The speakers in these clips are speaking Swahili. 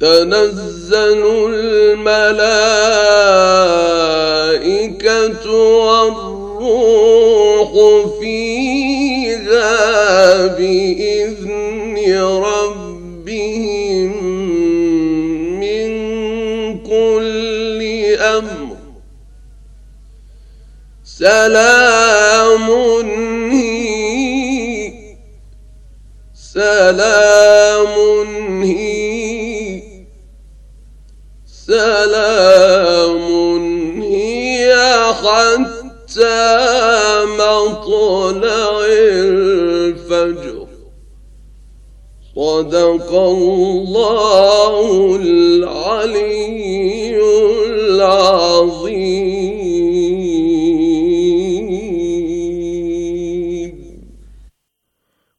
تنزل الملائكة والروح فيها تنزل الملائكة والروح فيها بإذن ربك سلام هي سلام هي سلام هي حتى مطلع الفجر صدق الله العلي العظيم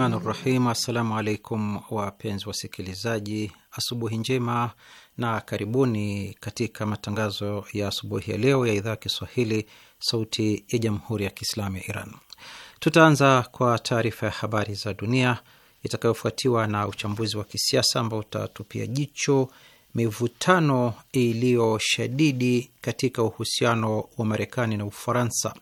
rahmani rahim. Assalamu alaikum wapenzi wasikilizaji, asubuhi njema na karibuni katika matangazo ya asubuhi ya leo ya idhaa ya Kiswahili sauti ya jamhuri ya kiislamu ya Iran. Tutaanza kwa taarifa ya habari za dunia itakayofuatiwa na uchambuzi wa kisiasa ambao utatupia jicho mivutano iliyoshadidi katika uhusiano wa Marekani na Ufaransa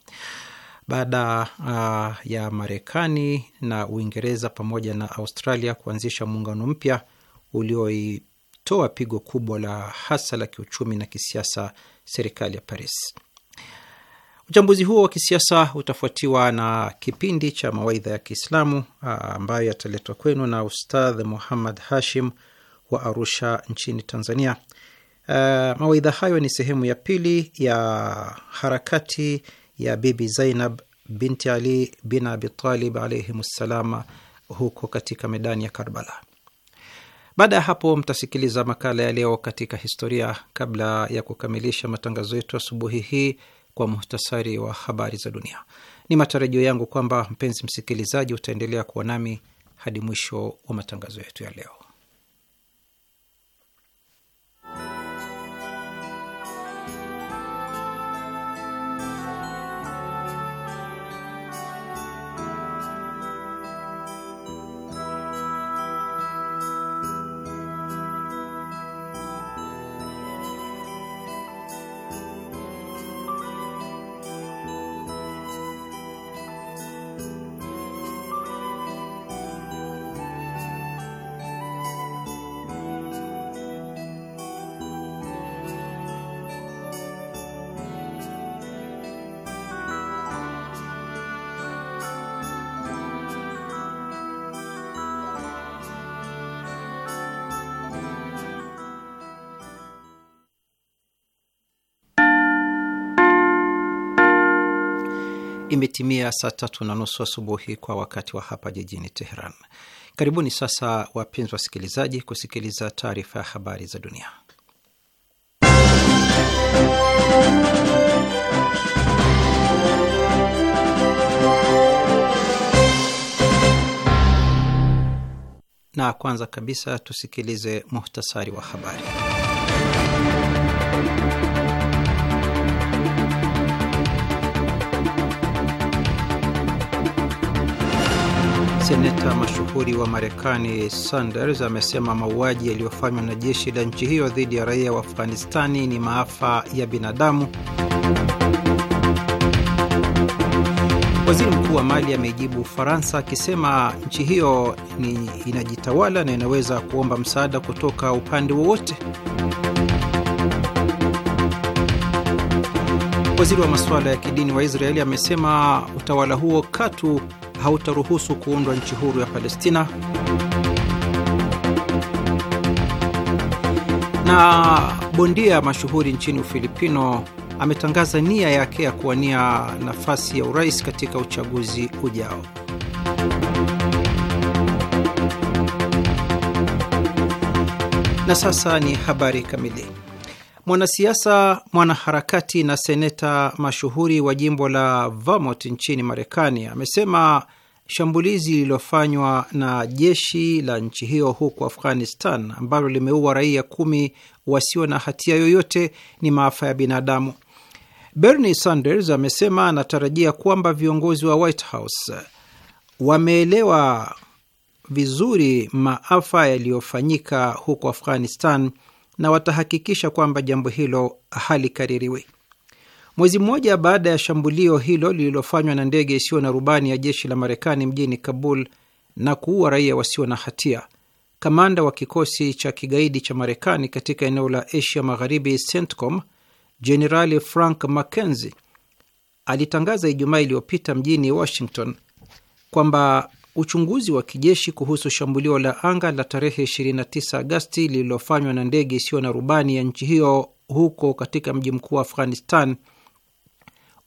baada uh, ya Marekani na Uingereza pamoja na Australia kuanzisha muungano mpya ulioitoa pigo kubwa la hasa la kiuchumi na kisiasa serikali ya Paris. Uchambuzi huo wa kisiasa utafuatiwa na kipindi cha mawaidha ya Kiislamu ah, ambayo yataletwa kwenu na Ustadh Muhammad Hashim wa Arusha nchini Tanzania. Uh, mawaidha hayo ni sehemu ya pili ya harakati ya Bibi Zainab binti Ali bin Abitalib alaihim ssalama huko katika medani ya Karbala. Baada ya hapo mtasikiliza makala ya leo katika historia, kabla ya kukamilisha matangazo yetu asubuhi hii kwa muhtasari wa habari za dunia. Ni matarajio yangu kwamba mpenzi msikilizaji utaendelea kuwa nami hadi mwisho wa matangazo yetu ya leo. imetimia saa tatu na nusu asubuhi wa kwa wakati wa hapa jijini Teheran. Karibuni sasa, wapenzi wasikilizaji, kusikiliza taarifa ya habari za dunia. Na kwanza kabisa tusikilize muhtasari wa habari. Seneta mashuhuri wa Marekani Sanders amesema mauaji yaliyofanywa na jeshi la nchi hiyo dhidi ya raia wa Afghanistani ni maafa ya binadamu. Waziri mkuu wa Mali ameijibu Ufaransa akisema nchi hiyo ni inajitawala na inaweza kuomba msaada kutoka upande wowote. Waziri wa masuala ya kidini wa Israeli amesema utawala huo katu hautaruhusu kuundwa nchi huru ya Palestina. Na bondia mashuhuri nchini Ufilipino ametangaza nia yake ya kuwania nafasi ya urais katika uchaguzi ujao. Na sasa ni habari kamili mwanasiasa, mwanaharakati na seneta mashuhuri wa jimbo la Vermont nchini Marekani amesema shambulizi lililofanywa na jeshi la nchi hiyo huko Afghanistan ambalo limeua raia kumi wasio na hatia yoyote ni maafa ya binadamu. Bernie Sanders amesema anatarajia kwamba viongozi wa White House wameelewa vizuri maafa yaliyofanyika huko Afghanistan na watahakikisha kwamba jambo hilo halikaririwi. Mwezi mmoja baada ya shambulio hilo lililofanywa na ndege isiyo na rubani ya jeshi la Marekani mjini Kabul na kuua raia wasio na hatia, kamanda wa kikosi cha kigaidi cha Marekani katika eneo la Asia Magharibi, CENTCOM, Jenerali Frank McKenzie alitangaza Ijumaa iliyopita mjini Washington kwamba uchunguzi wa kijeshi kuhusu shambulio la anga la tarehe 29 Agasti lililofanywa na ndege isiyo na rubani ya nchi hiyo huko katika mji mkuu wa Afghanistan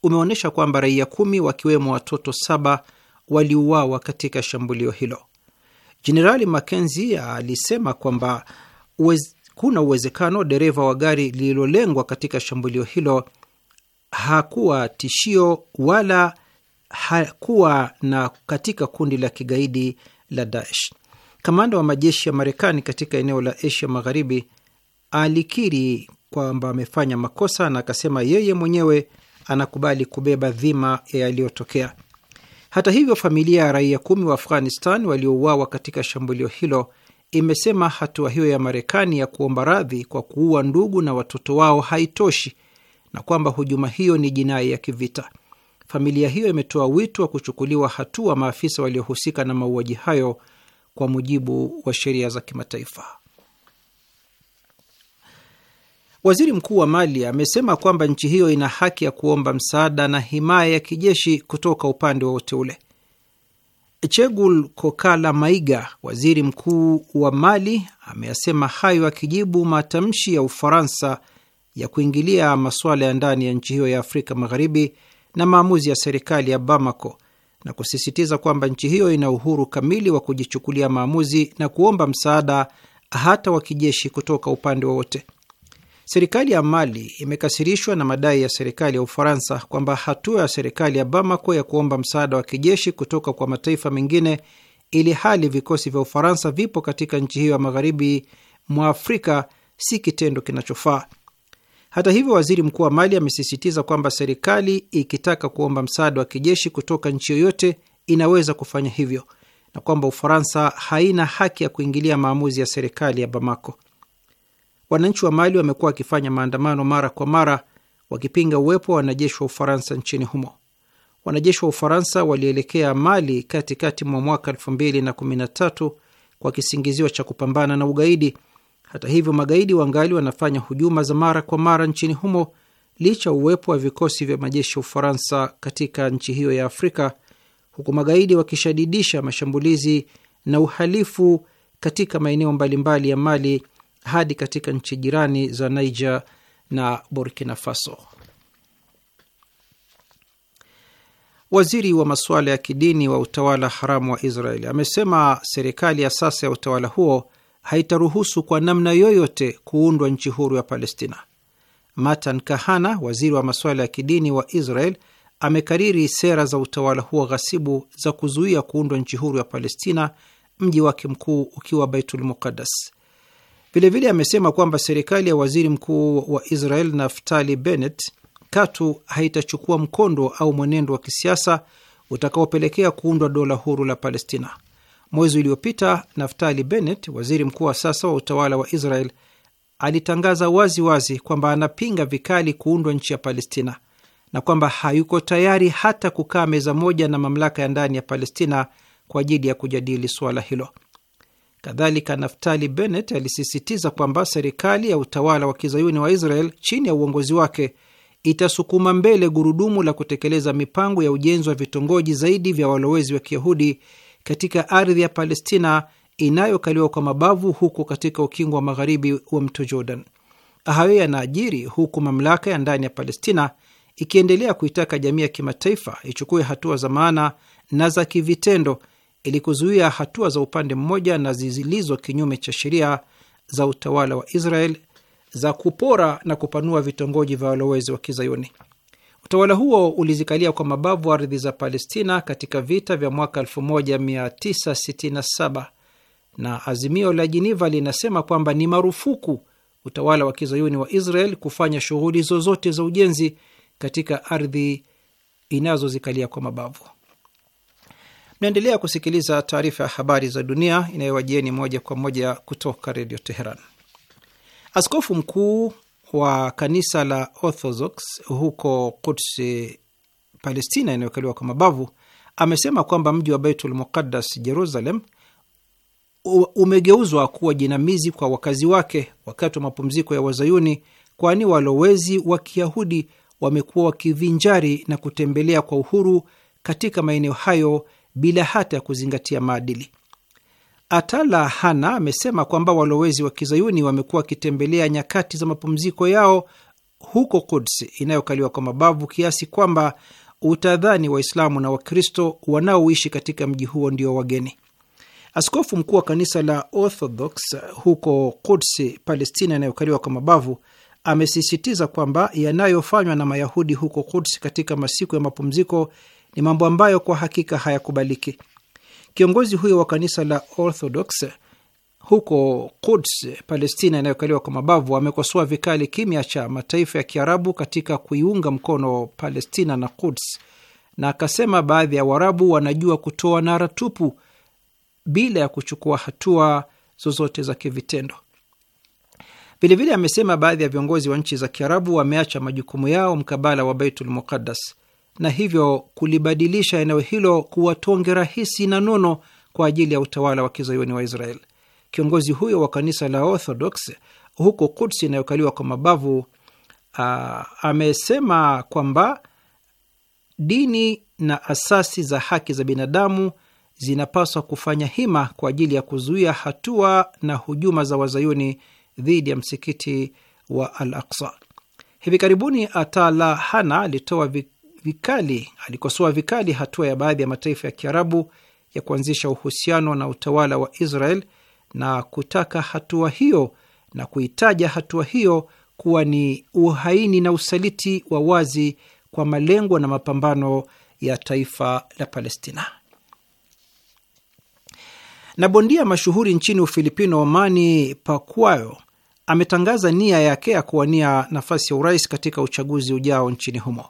umeonyesha kwamba raia kumi wakiwemo watoto saba waliuawa katika shambulio hilo. Jenerali Makenzi alisema kwamba uwez, kuna uwezekano dereva wa gari lililolengwa katika shambulio hilo hakuwa tishio wala hakuwa na katika kundi la kigaidi la Daesh. Kamanda wa majeshi ya Marekani katika eneo la Asia Magharibi alikiri kwamba amefanya makosa na akasema yeye mwenyewe anakubali kubeba dhima yaliyotokea. Hata hivyo, familia ya raia kumi wa Afghanistan waliouawa katika shambulio hilo imesema hatua hiyo ya Marekani ya kuomba radhi kwa kuua ndugu na watoto wao haitoshi na kwamba hujuma hiyo ni jinai ya kivita familia hiyo imetoa wito wa kuchukuliwa hatua maafisa waliohusika na mauaji hayo kwa mujibu wa sheria za kimataifa. Waziri mkuu wa Mali amesema kwamba nchi hiyo ina haki ya kuomba msaada na himaya ya kijeshi kutoka upande wowote ule. Chegul Kokala Maiga, waziri mkuu wa Mali, ameyasema hayo akijibu matamshi ya Ufaransa ya kuingilia masuala ya ndani ya nchi hiyo ya Afrika Magharibi na maamuzi ya serikali ya Bamako na kusisitiza kwamba nchi hiyo ina uhuru kamili wa kujichukulia maamuzi na kuomba msaada hata wa kijeshi kutoka upande wowote. Serikali ya Mali imekasirishwa na madai ya serikali ya Ufaransa kwamba hatua ya serikali ya Bamako ya kuomba msaada wa kijeshi kutoka kwa mataifa mengine, ili hali vikosi vya Ufaransa vipo katika nchi hiyo ya magharibi mwa Afrika, si kitendo kinachofaa. Hata hivyo, waziri mkuu wa Mali amesisitiza kwamba serikali ikitaka kuomba msaada wa kijeshi kutoka nchi yoyote inaweza kufanya hivyo na kwamba Ufaransa haina haki ya kuingilia maamuzi ya serikali ya Bamako. Wananchi wa Mali wamekuwa wakifanya maandamano mara kwa mara wakipinga uwepo wa wanajeshi wa Ufaransa nchini humo. Wanajeshi wa Ufaransa walielekea Mali katikati mwa mwaka 2013 kwa kisingizio cha kupambana na ugaidi hata hivyo, magaidi wangali wanafanya hujuma za mara kwa mara nchini humo licha uwepo wa vikosi vya majeshi ya Ufaransa katika nchi hiyo ya Afrika, huku magaidi wakishadidisha mashambulizi na uhalifu katika maeneo mbalimbali ya Mali hadi katika nchi jirani za Niger na Burkina Faso. Waziri wa masuala ya kidini wa utawala haramu wa Israeli amesema serikali ya sasa ya utawala huo haitaruhusu kwa namna yoyote kuundwa nchi huru ya Palestina. Matan Kahana, waziri wa masuala ya kidini wa Israel, amekariri sera za utawala huo ghasibu za kuzuia kuundwa nchi huru ya Palestina, mji wake mkuu ukiwa Baitul Muqaddas. Vilevile amesema kwamba serikali ya waziri mkuu wa Israel Naftali Bennett katu haitachukua mkondo au mwenendo wa kisiasa utakaopelekea kuundwa dola huru la Palestina. Mwezi uliopita Naftali Bennett, waziri mkuu wa sasa wa utawala wa Israel, alitangaza wazi wazi kwamba anapinga vikali kuundwa nchi ya Palestina na kwamba hayuko tayari hata kukaa meza moja na mamlaka ya ndani ya Palestina kwa ajili ya kujadili suala hilo. Kadhalika, Naftali Bennett alisisitiza kwamba serikali ya utawala wa kizayuni wa Israel chini ya uongozi wake itasukuma mbele gurudumu la kutekeleza mipango ya ujenzi wa vitongoji zaidi vya walowezi wa kiyahudi katika ardhi ya Palestina inayokaliwa kwa mabavu huko katika ukingo wa magharibi wa mto Jordan. Hayo yanaajiri huku mamlaka ya ndani ya Palestina ikiendelea kuitaka jamii ya kimataifa ichukue hatua za maana na za kivitendo ili kuzuia hatua za upande mmoja na zilizo kinyume cha sheria za utawala wa Israel za kupora na kupanua vitongoji vya walowezi wa Kizayuni. Utawala huo ulizikalia kwa mabavu ardhi za Palestina katika vita vya mwaka 1967 na azimio la Jiniva linasema kwamba ni marufuku utawala wa kizayuni wa Israel kufanya shughuli zozote za ujenzi katika ardhi inazozikalia kwa mabavu. Mnaendelea kusikiliza taarifa ya habari za dunia inayowajieni moja kwa moja kutoka Redio Teheran. Askofu mkuu wa kanisa la Orthodox huko Quds, Palestina inayokaliwa kwa mabavu, amesema kwamba mji wa Baitul Muqaddas Jerusalem umegeuzwa kuwa jinamizi kwa wakazi wake wakati wa mapumziko ya Wazayuni, kwani walowezi wa Kiyahudi wamekuwa wakivinjari na kutembelea kwa uhuru katika maeneo hayo bila hata ya kuzingatia maadili. Atala Hana amesema kwamba walowezi wa kizayuni wamekuwa wakitembelea nyakati za mapumziko yao huko Kuds inayokaliwa kwa mabavu kiasi kwamba utadhani Waislamu na Wakristo wanaoishi katika mji huo ndio wageni. Askofu mkuu wa kanisa la Orthodox huko Kuds, Palestina inayokaliwa kwa mabavu amesisitiza kwamba yanayofanywa na Mayahudi huko Kuds katika masiku ya mapumziko ni mambo ambayo kwa hakika hayakubaliki. Kiongozi huyo wa kanisa la Orthodox huko Quds, Palestina inayokaliwa kwa mabavu, amekosoa vikali kimya cha mataifa ya Kiarabu katika kuiunga mkono Palestina na Quds, na akasema baadhi ya Waarabu wanajua kutoa nara tupu bila ya kuchukua hatua zozote za kivitendo. Vilevile amesema baadhi ya viongozi wa nchi za Kiarabu wameacha majukumu yao mkabala wa Baitul Muqaddas na hivyo kulibadilisha eneo hilo kuwa tonge rahisi na nono kwa ajili ya utawala wa kizayuni wa Israel. Kiongozi huyo wa kanisa la Orthodox huko Kudsi inayokaliwa kwa mabavu uh, amesema kwamba dini na asasi za haki za binadamu zinapaswa kufanya hima kwa ajili ya kuzuia hatua na hujuma za wazayuni dhidi ya msikiti wa Al Aksa. Hivi karibuni Atala Hana alitoa vikali, alikosoa vikali hatua ya baadhi ya mataifa ya Kiarabu ya kuanzisha uhusiano na utawala wa Israel na kutaka hatua hiyo na kuitaja hatua hiyo kuwa ni uhaini na usaliti wa wazi kwa malengo na mapambano ya taifa la Palestina. Na bondia mashuhuri nchini Ufilipino Manny Pacquiao ametangaza nia yake ya kuwania nafasi ya urais katika uchaguzi ujao nchini humo.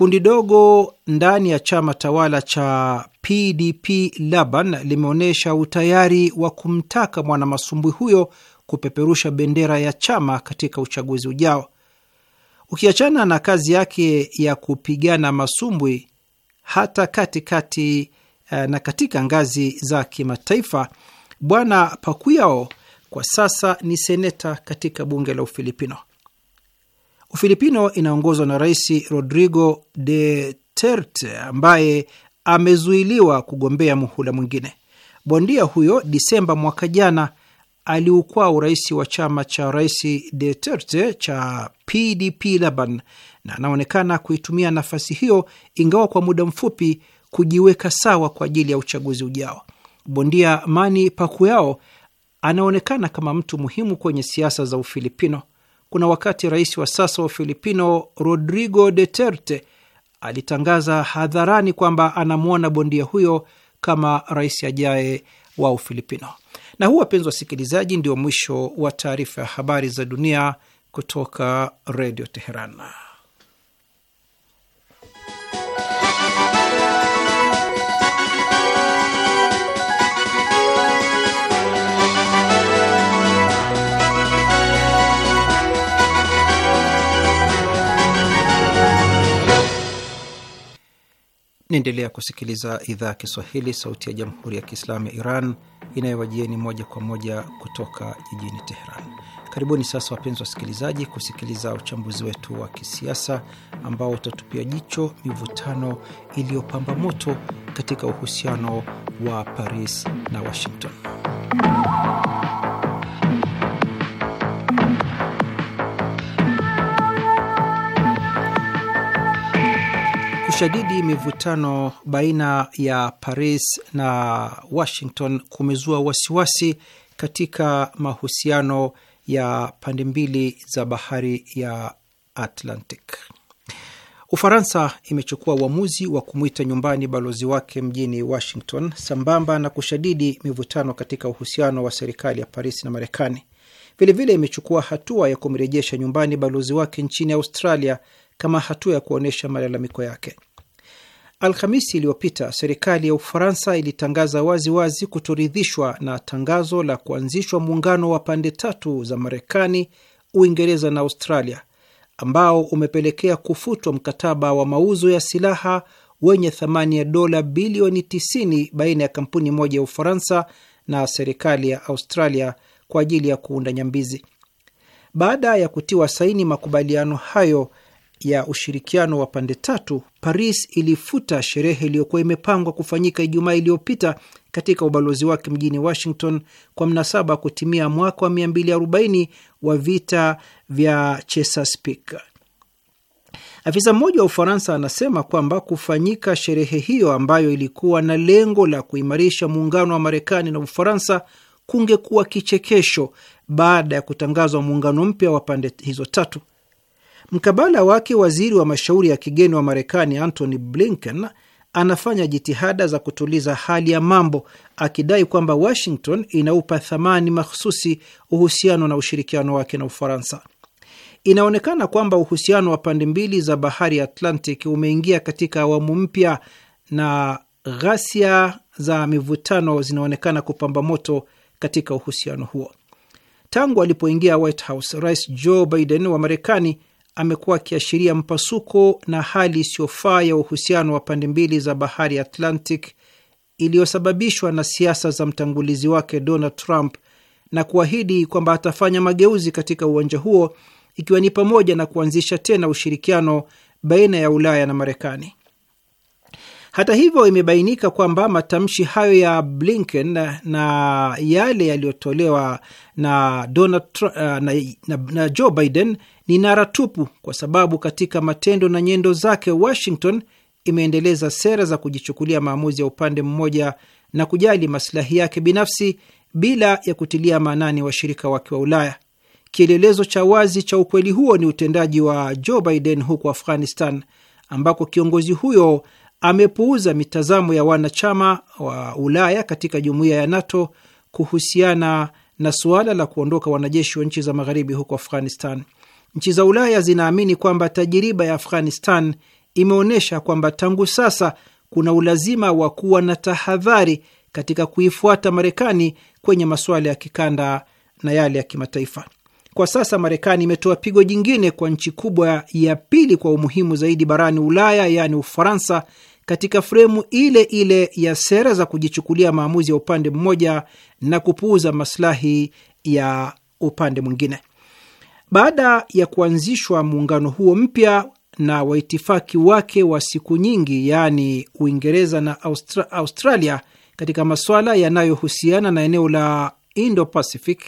Kundi dogo ndani ya chama tawala cha PDP Laban limeonyesha utayari wa kumtaka mwanamasumbwi huyo kupeperusha bendera ya chama katika uchaguzi ujao. Ukiachana na kazi yake ya kupigana masumbwi hata katikati kati, eh, na katika ngazi za kimataifa, Bwana Pakuyao kwa sasa ni seneta katika bunge la Ufilipino. Ufilipino inaongozwa na Rais Rodrigo Duterte ambaye amezuiliwa kugombea muhula mwingine. Bondia huyo Disemba mwaka jana aliukwaa urais wa chama cha Rais Duterte cha PDP Laban na anaonekana kuitumia nafasi hiyo, ingawa kwa muda mfupi, kujiweka sawa kwa ajili ya uchaguzi ujao. Bondia mani pakuyao anaonekana kama mtu muhimu kwenye siasa za Ufilipino kuna wakati rais wa sasa wa Filipino Rodrigo Duterte alitangaza hadharani kwamba anamwona bondia huyo kama rais ajaye wa Ufilipino. Na huu, wapenzi wasikilizaji, ndio mwisho wa taarifa ya habari za dunia kutoka Redio Teheran. Naendelea kusikiliza idhaa ya Kiswahili, sauti ya jamhuri ya kiislamu ya Iran inayowajieni moja kwa moja kutoka jijini Teheran. Karibuni sasa, wapenzi wasikilizaji, kusikiliza uchambuzi wetu wa kisiasa ambao utatupia jicho mivutano iliyopamba moto katika uhusiano wa Paris na Washington. Kushadidi mivutano baina ya Paris na Washington kumezua wasiwasi katika mahusiano ya pande mbili za bahari ya Atlantic. Ufaransa imechukua uamuzi wa kumwita nyumbani balozi wake mjini Washington sambamba na kushadidi mivutano katika uhusiano wa serikali ya Paris na Marekani. Vilevile imechukua hatua ya kumrejesha nyumbani balozi wake nchini Australia kama hatua ya kuonyesha malalamiko yake. Alhamisi iliyopita serikali ya Ufaransa ilitangaza waziwazi wazi kutoridhishwa na tangazo la kuanzishwa muungano wa pande tatu za Marekani, Uingereza na Australia ambao umepelekea kufutwa mkataba wa mauzo ya silaha wenye thamani ya dola bilioni 90 baina ya kampuni moja ya Ufaransa na serikali ya Australia kwa ajili ya kuunda nyambizi. Baada ya kutiwa saini makubaliano hayo ya ushirikiano wa pande tatu, Paris ilifuta sherehe iliyokuwa imepangwa kufanyika Ijumaa iliyopita katika ubalozi wake mjini Washington kwa mnasaba kutimia mwaka wa 240 wa vita vya Chesapeake. Afisa mmoja wa Ufaransa anasema kwamba kufanyika sherehe hiyo ambayo ilikuwa na lengo la kuimarisha muungano wa Marekani na Ufaransa kungekuwa kichekesho baada ya kutangazwa muungano mpya wa pande hizo tatu. Mkabala wake, waziri wa mashauri ya kigeni wa Marekani Antony Blinken anafanya jitihada za kutuliza hali ya mambo, akidai kwamba Washington inaupa thamani makhususi uhusiano na ushirikiano wake na Ufaransa. Inaonekana kwamba uhusiano wa pande mbili za bahari ya Atlantic umeingia katika awamu mpya na ghasia za mivutano zinaonekana kupamba moto katika uhusiano huo. Tangu alipoingia White House, Rais Joe Biden wa Marekani amekuwa akiashiria mpasuko na hali isiyofaa ya uhusiano wa pande mbili za bahari Atlantic iliyosababishwa na siasa za mtangulizi wake Donald Trump na kuahidi kwamba atafanya mageuzi katika uwanja huo ikiwa ni pamoja na kuanzisha tena ushirikiano baina ya Ulaya na Marekani. Hata hivyo, imebainika kwamba matamshi hayo ya Blinken na yale yaliyotolewa na Donald, na, na, na Joe Biden ni nara tupu, kwa sababu katika matendo na nyendo zake Washington imeendeleza sera za kujichukulia maamuzi ya upande mmoja na kujali masilahi yake binafsi bila ya kutilia maanani washirika wake wa Ulaya. Kielelezo cha wazi cha ukweli huo ni utendaji wa Joe Biden huko Afghanistan, ambako kiongozi huyo amepuuza mitazamo ya wanachama wa Ulaya katika jumuiya ya NATO kuhusiana na suala la kuondoka wanajeshi wa nchi za magharibi huko Afghanistan. Nchi za Ulaya zinaamini kwamba tajiriba ya Afghanistan imeonyesha kwamba tangu sasa kuna ulazima wa kuwa na tahadhari katika kuifuata Marekani kwenye masuala ya kikanda na yale ya kimataifa. Kwa sasa Marekani imetoa pigo jingine kwa nchi kubwa ya pili kwa umuhimu zaidi barani Ulaya, yaani Ufaransa, katika fremu ile ile ya sera za kujichukulia maamuzi ya upande mmoja na kupuuza masilahi ya upande mwingine. Baada ya kuanzishwa muungano huo mpya na waitifaki wake wa siku nyingi, yaani Uingereza na Austra Australia katika masuala yanayohusiana na eneo la Indo-Pacific,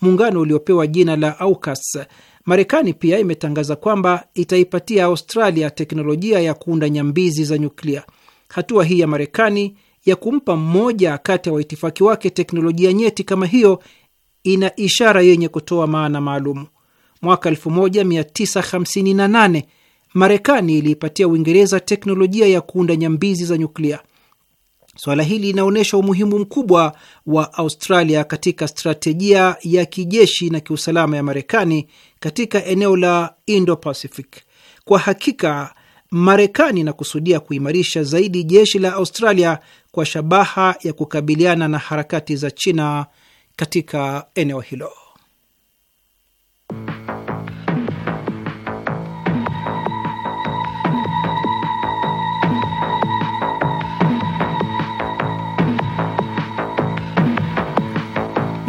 muungano uliopewa jina la AUKUS, Marekani pia imetangaza kwamba itaipatia Australia teknolojia ya kuunda nyambizi za nyuklia. Hatua hii ya Marekani ya kumpa mmoja kati ya waitifaki wake teknolojia nyeti kama hiyo ina ishara yenye kutoa maana maalumu mwaka 1958 Marekani iliipatia Uingereza teknolojia ya kuunda nyambizi za nyuklia. Suala hili linaonyesha umuhimu mkubwa wa Australia katika stratejia ya kijeshi na kiusalama ya Marekani katika eneo la Indo-Pacific. Kwa hakika, Marekani inakusudia kuimarisha zaidi jeshi la Australia kwa shabaha ya kukabiliana na harakati za China katika eneo hilo.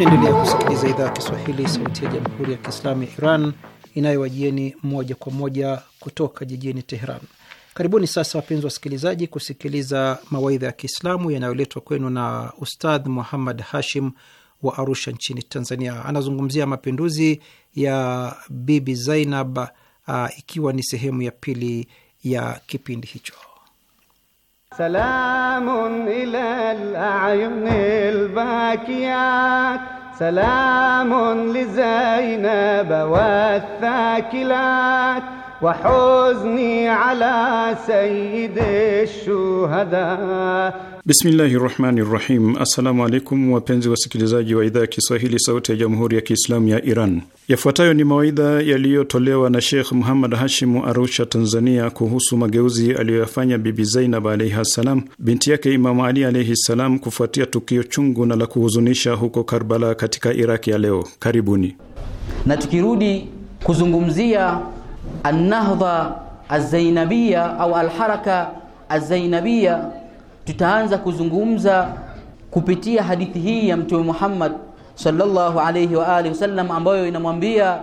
Naendelea kusikiliza idhaa ya Kiswahili, sauti ya jamhuri ya kiislamu ya Iran inayowajieni moja kwa moja kutoka jijini Teheran. Karibuni sasa, wapenzi wasikilizaji, kusikiliza mawaidha ya Kiislamu yanayoletwa kwenu na Ustadh Muhammad Hashim wa Arusha nchini Tanzania. Anazungumzia mapinduzi ya Bibi Zainab, uh, ikiwa ni sehemu ya pili ya kipindi hicho. سلام إلى الأعين الباكيات سلام لزينب والثاكلات وحزني على سيد الشهداء Bismillahi rahmani rahim. Assalamu alaikum wapenzi wasikilizaji wa idhaa ya Kiswahili sauti ya jamhuri ya Kiislamu ya Iran. Yafuatayo ni mawaidha yaliyotolewa na Sheikh Muhammad Hashimu Arusha, Tanzania, kuhusu mageuzi aliyoyafanya Bibi Zainab alaihi ssalam, binti yake Imamu Ali alaihi ssalam, kufuatia tukio chungu na la kuhuzunisha huko Karbala katika Iraki ya leo. Karibuni na tukirudi kuzungumzia Annahdha Alzainabia au Alharaka Alzainabia, tutaanza kuzungumza kupitia hadithi hii ya Mtume Muhammad sallallahu alayhi wa alihi wasallam, ambayo inamwambia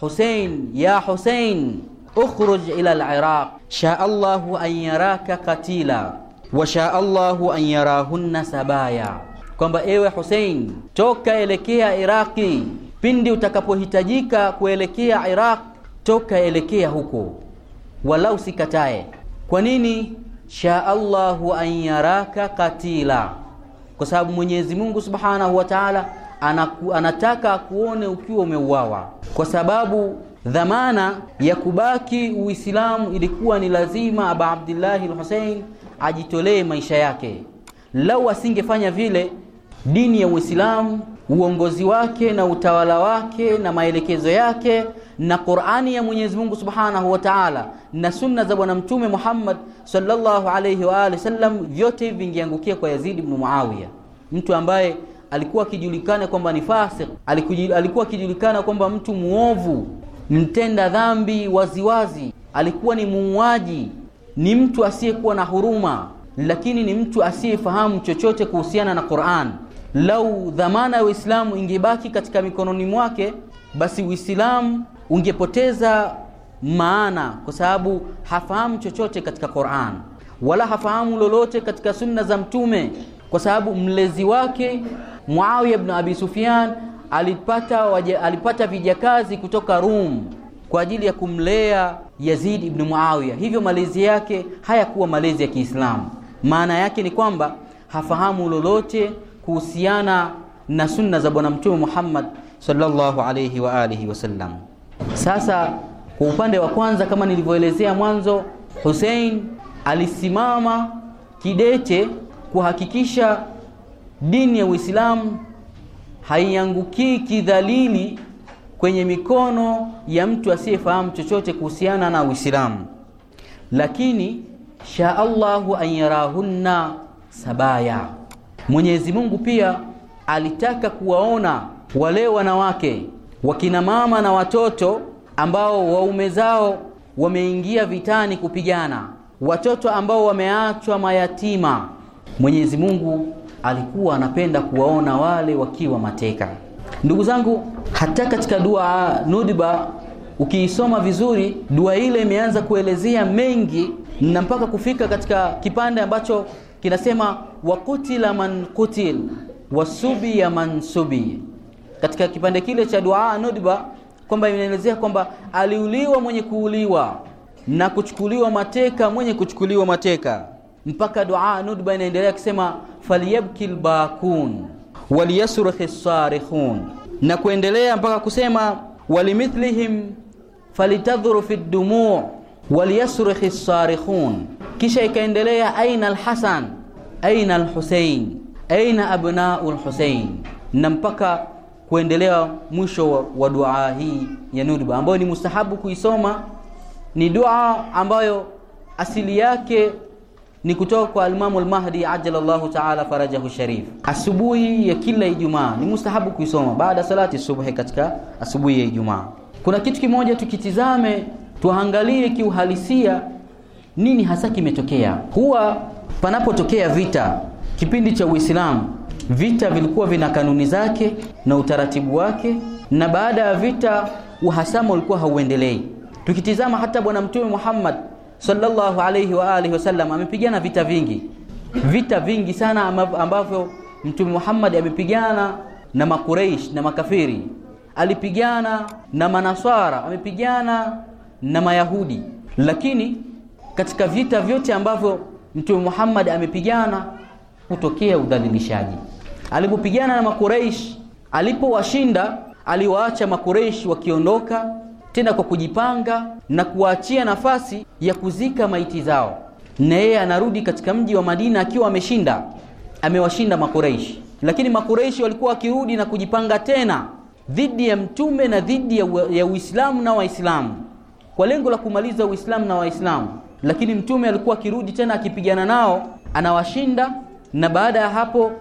husein ya husein ukhruj ila al-Iraq sha Allahu an yaraka katila wa sha Allahu an yarahunna sabaya, kwamba ewe husein toka elekea Iraqi pindi utakapohitajika kuelekea Iraq toka elekea huko, walau sikatae. Kwa nini? sha Allahu an yaraka katila, kwa sababu Mwenyezi Mungu Subhanahu wa Ta'ala anaku, anataka akuone ukiwa umeuawa, kwa sababu dhamana ya kubaki Uislamu ilikuwa ni lazima Aba Abdillahi al-Hussein ajitolee maisha yake. Lau asingefanya vile, dini ya Uislamu uongozi wake na utawala wake na maelekezo yake na Qur'ani ya Mwenyezi Mungu Subhanahu wa Ta'ala na sunna za Bwana Mtume Muhammad sallallahu alayhi wa alihi sallam, vyote hivi vingeangukia kwa Yazid ibn Muawiya, mtu ambaye alikuwa akijulikana kwamba ni fasik, alikuwa akijulikana kwamba mtu muovu, mtenda dhambi waziwazi, alikuwa ni muuaji, ni mtu asiyekuwa na huruma, lakini ni mtu asiyefahamu chochote kuhusiana na Qur'an lau dhamana ya Uislamu ingebaki katika mikononi mwake, basi Uislamu ungepoteza maana, kwa sababu hafahamu chochote katika Qur'an wala hafahamu lolote katika sunna za Mtume, kwa sababu mlezi wake Muawiya bnu Abi sufian alipata, alipata vijakazi kutoka Rum kwa ajili ya kumlea Yazid ibnu Muawiya, hivyo malezi yake hayakuwa malezi ya Kiislamu. Maana yake ni kwamba hafahamu lolote kuhusiana na sunna za Bwana Mtume Muhammad sallallahu alayhi wa alihi wasallam. Sasa kwa upande wa kwanza, kama nilivyoelezea mwanzo, Hussein alisimama kidete kuhakikisha dini ya Uislamu haiangukii kidhalili kwenye mikono ya mtu asiyefahamu chochote kuhusiana na Uislamu, lakini sha Allahu an yarahunna sabaya Mwenyezi Mungu pia alitaka kuwaona wale wanawake wakina mama na watoto ambao waume zao wameingia vitani kupigana, watoto ambao wameachwa mayatima. Mwenyezi Mungu alikuwa anapenda kuwaona wale wakiwa mateka. Ndugu zangu, hata katika dua Nudba ukiisoma vizuri, dua ile imeanza kuelezea mengi na mpaka kufika katika kipande ambacho kinasema wakutila man kutil wasubiya man subi Katika kipande kile cha dua nudba kwamba inaelezea kwamba aliuliwa mwenye kuuliwa na kuchukuliwa mateka mwenye kuchukuliwa mateka, mpaka dua nudba inaendelea kusema falyabki lbakun waliyasrukhi sarikhun, na kuendelea mpaka kusema walimithlihim falitadhuru fi ddumuu waliyasrukhi sarikhun kisha ikaendelea aina al-Hasan, aina al aina abnau al na mpaka kuendelea mwisho wa, wa dua hii ya nudba ambayo ni mustahabu kuisoma. Ni dua ambayo asili yake ni kutoka kwa Alimamu Almahdi ajalallahu taala farajahu sharif. Asubuhi ya kila Ijumaa ni mustahabu kuisoma baada salati subhi, katika asubuhi ya Ijumaa. Kuna kitu kimoja tukitizame, tuangalie kiuhalisia nini hasa kimetokea? Huwa panapotokea vita kipindi cha Uislamu, vita vilikuwa vina kanuni zake na utaratibu wake, na baada ya vita uhasama ulikuwa hauendelei. Tukitizama hata Bwana Mtume Muhammad sallallahu alayhi wa alihi wasallam amepigana vita vingi, vita vingi sana ambavyo Mtume Muhammad amepigana na Makureish na makafiri, alipigana na Manaswara, amepigana na Mayahudi, lakini katika vita vyote ambavyo Mtume Muhammad amepigana kutokea udhalilishaji. Alipopigana na makuraishi alipowashinda aliwaacha makureishi wakiondoka tena kwa kujipanga na kuwaachia nafasi ya kuzika maiti zao, na yeye anarudi katika mji wa Madina akiwa ameshinda, amewashinda makuraishi Lakini Makureishi walikuwa wakirudi na kujipanga tena dhidi ya mtume na dhidi ya Uislamu na Waislamu kwa lengo la kumaliza Uislamu na Waislamu lakini mtume alikuwa akirudi tena akipigana nao anawashinda, na baada ya hapo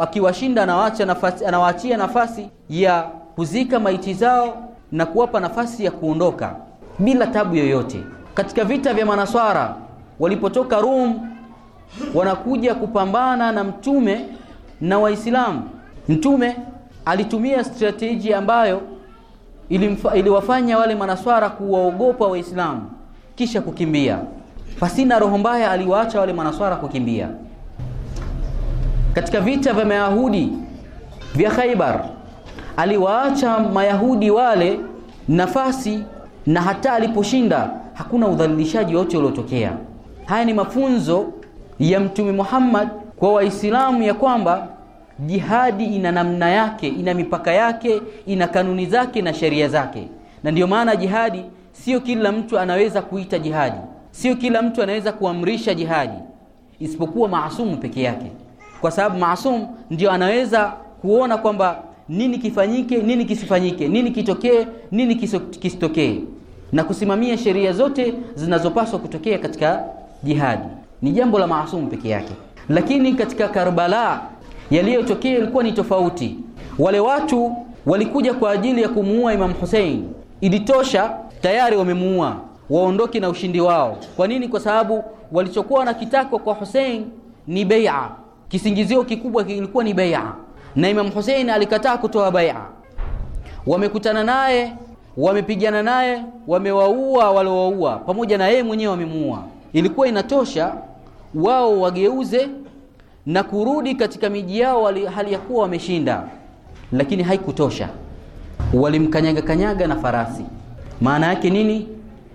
akiwashinda anawaacha nafasi, anawaachia nafasi ya kuzika maiti zao na kuwapa nafasi ya kuondoka bila tabu yoyote. Katika vita vya manaswara walipotoka Rum wanakuja kupambana na mtume na Waislamu, mtume alitumia strateji ambayo iliwafanya wale manaswara kuwaogopa Waislamu kisha kukimbia fasina roho mbaya aliwaacha wale manaswara kukimbia katika vita vya Mayahudi vya Khaibar, aliwaacha Mayahudi wale nafasi, na hata aliposhinda hakuna udhalilishaji wote uliotokea. Haya ni mafunzo ya Mtume Muhammad kwa Waislamu ya kwamba jihadi ina namna yake, ina mipaka yake, ina kanuni zake na sheria zake, na ndiyo maana jihadi sio kila mtu anaweza kuita jihadi. Sio kila mtu anaweza kuamrisha jihadi isipokuwa maasumu peke yake, kwa sababu maasumu ndio anaweza kuona kwamba nini kifanyike, nini kisifanyike, nini kitokee, nini kisitokee, na kusimamia sheria zote zinazopaswa kutokea katika jihadi. Ni jambo la maasumu peke yake. Lakini katika Karbala yaliyotokea ilikuwa ni tofauti. Wale watu walikuja kwa ajili ya kumuua Imam Hussein, ilitosha tayari wamemuua waondoke na ushindi wao. Kwa nini? Kwa sababu walichokuwa wanakitaka kwa Hussein ni bai'a. Kisingizio kikubwa kilikuwa ni bai'a, na Imam Hussein alikataa kutoa bai'a. Wamekutana naye, wamepigana naye, wamewaua waliowaua, pamoja na yeye mwenyewe wamemuua. Ilikuwa inatosha wao wageuze na kurudi katika miji yao hali ya kuwa wameshinda, lakini haikutosha. Walimkanyaga kanyaga na farasi. Maana yake nini?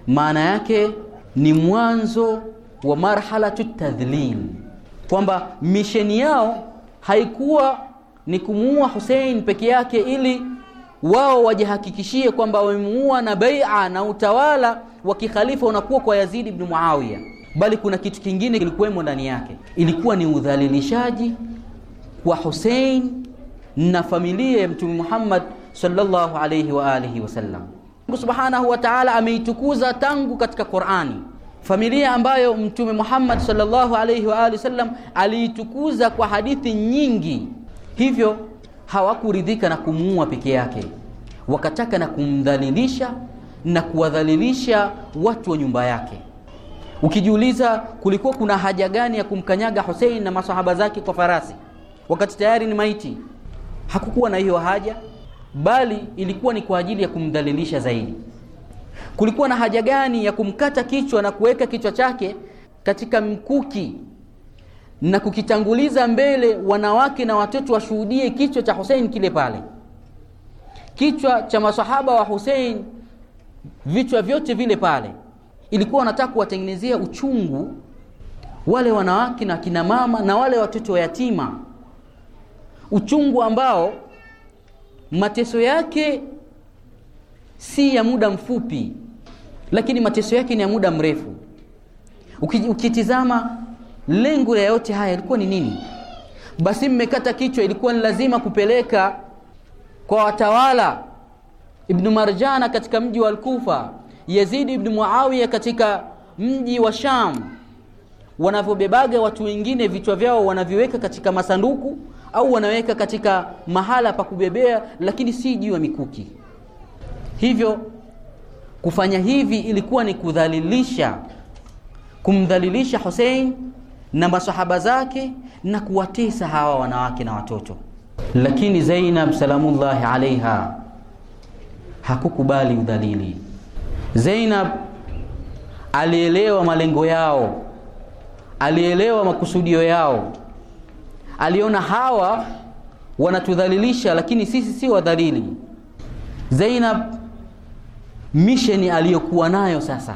maana yake ni mwanzo wa marhalatu tadhlil, kwamba misheni yao haikuwa ni kumuua Hussein peke yake ili wao wajihakikishie kwamba wamemuua na bai'a na utawala wa kikhalifa unakuwa kwa Yazid ibn Muawiya, bali kuna kitu kingine kilikuwemo ndani yake. Ilikuwa ni udhalilishaji wa Hussein na familia ya Mtume Muhammad sallallahu alayhi wa alihi wasallam. Mungu Subhanahu wa Ta'ala ameitukuza tangu katika Qur'ani. Familia ambayo Mtume Muhammad sallallahu alayhi wa alihi wasallam aliitukuza kwa hadithi nyingi. Hivyo hawakuridhika na kumuua peke yake, wakataka na kumdhalilisha na kuwadhalilisha watu wa nyumba yake. Ukijiuliza, kulikuwa kuna haja gani ya kumkanyaga Hussein na masahaba zake kwa farasi wakati tayari ni maiti? Hakukuwa na hiyo haja bali ilikuwa ni kwa ajili ya kumdhalilisha zaidi. Kulikuwa na haja gani ya kumkata kichwa na kuweka kichwa chake katika mkuki na kukitanguliza mbele, wanawake na watoto washuhudie kichwa cha Hussein kile pale, kichwa cha masahaba wa Hussein, vichwa vyote vile pale. Ilikuwa wanataka kuwatengenezea uchungu wale wanawake na kina mama na wale watoto yatima, uchungu ambao mateso yake si ya muda mfupi, lakini mateso yake ni ya muda mrefu. Ukitizama lengo la yote haya ilikuwa ni nini? Basi mmekata kichwa, ilikuwa ni lazima kupeleka kwa watawala Ibn Marjana katika mji wa Al-Kufa, Yazid ibn Muawiya katika mji wa Sham, wanavyobebaga watu wengine vichwa vyao wanaviweka katika masanduku au wanaweka katika mahala pa kubebea, lakini si juu ya mikuki. Hivyo kufanya hivi ilikuwa ni kudhalilisha, kumdhalilisha Hussein na masahaba zake na kuwatesa hawa wanawake na watoto. Lakini Zainab salamullahi alaiha hakukubali udhalili. Zainab alielewa malengo yao, alielewa makusudio yao aliona hawa wanatudhalilisha, lakini sisi si wadhalili. Zainab misheni aliyokuwa nayo sasa,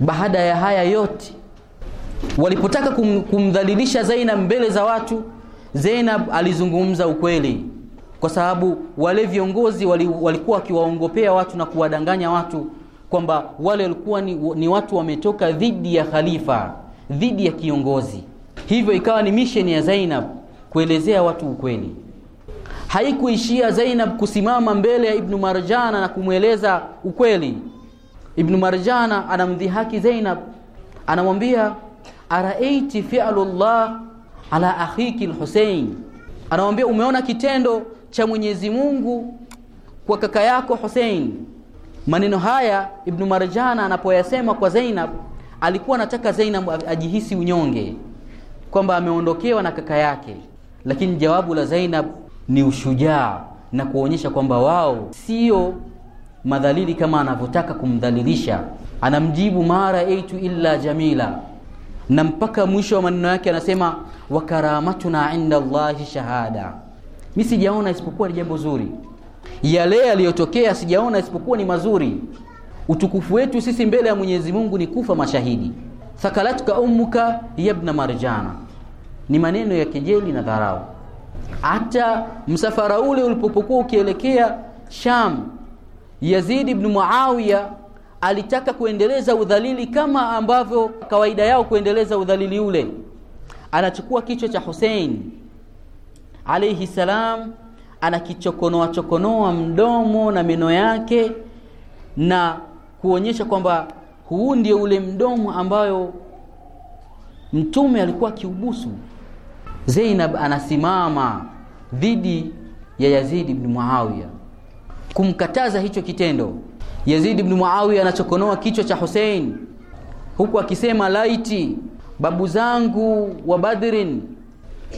baada ya haya yote, walipotaka kum, kumdhalilisha Zainab mbele za watu, Zainab alizungumza ukweli, kwa sababu wale viongozi walikuwa wakiwaongopea watu na kuwadanganya watu kwamba wale walikuwa ni, ni watu wametoka dhidi ya khalifa, dhidi ya kiongozi Hivyo ikawa ni misheni ya Zainab kuelezea watu ukweli. Haikuishia Zainab kusimama mbele ya Ibnu Marjana na kumweleza ukweli. Ibnu Marjana anamdhihaki Zainab, anamwambia araiti fi'lullah ala akhiki al-Husayn, anamwambia umeona kitendo cha Mwenyezi Mungu kwa kaka yako Hussein. Maneno haya Ibnu Marjana anapoyasema kwa Zainab, alikuwa anataka Zainab ajihisi unyonge kwamba ameondokewa na kaka yake, lakini jawabu la Zainab ni ushujaa na kuonyesha kwamba wao sio madhalili kama anavyotaka kumdhalilisha. Anamjibu mara aitu illa jamila, na mpaka mwisho wa maneno yake anasema wa inda Allahi shahada, mi sijaona isipokuwa ni jambo zuri, yale yaliyotokea sijaona isipokuwa ni mazuri. Utukufu wetu sisi mbele ya Mwenyezi Mungu ni kufa mashahidi thakalatka ummuka yabna marjana, ni maneno ya kejeli na dharau. Hata msafara ule ulipopokuwa ukielekea Sham, Yazid ibn Muawiya alitaka kuendeleza udhalili kama ambavyo kawaida yao kuendeleza udhalili ule. Anachukua kichwa cha Hussein alayhi salam, anakichokonoa chokonoa mdomo na meno yake na kuonyesha kwamba huu ndio ule mdomo ambayo mtume alikuwa akiubusu Zainab anasimama dhidi ya Yazid ibn Muawiya kumkataza hicho kitendo. Yazid ibn Muawiya anachokonoa kichwa cha Hussein huku akisema, laiti babu zangu wa Badrin,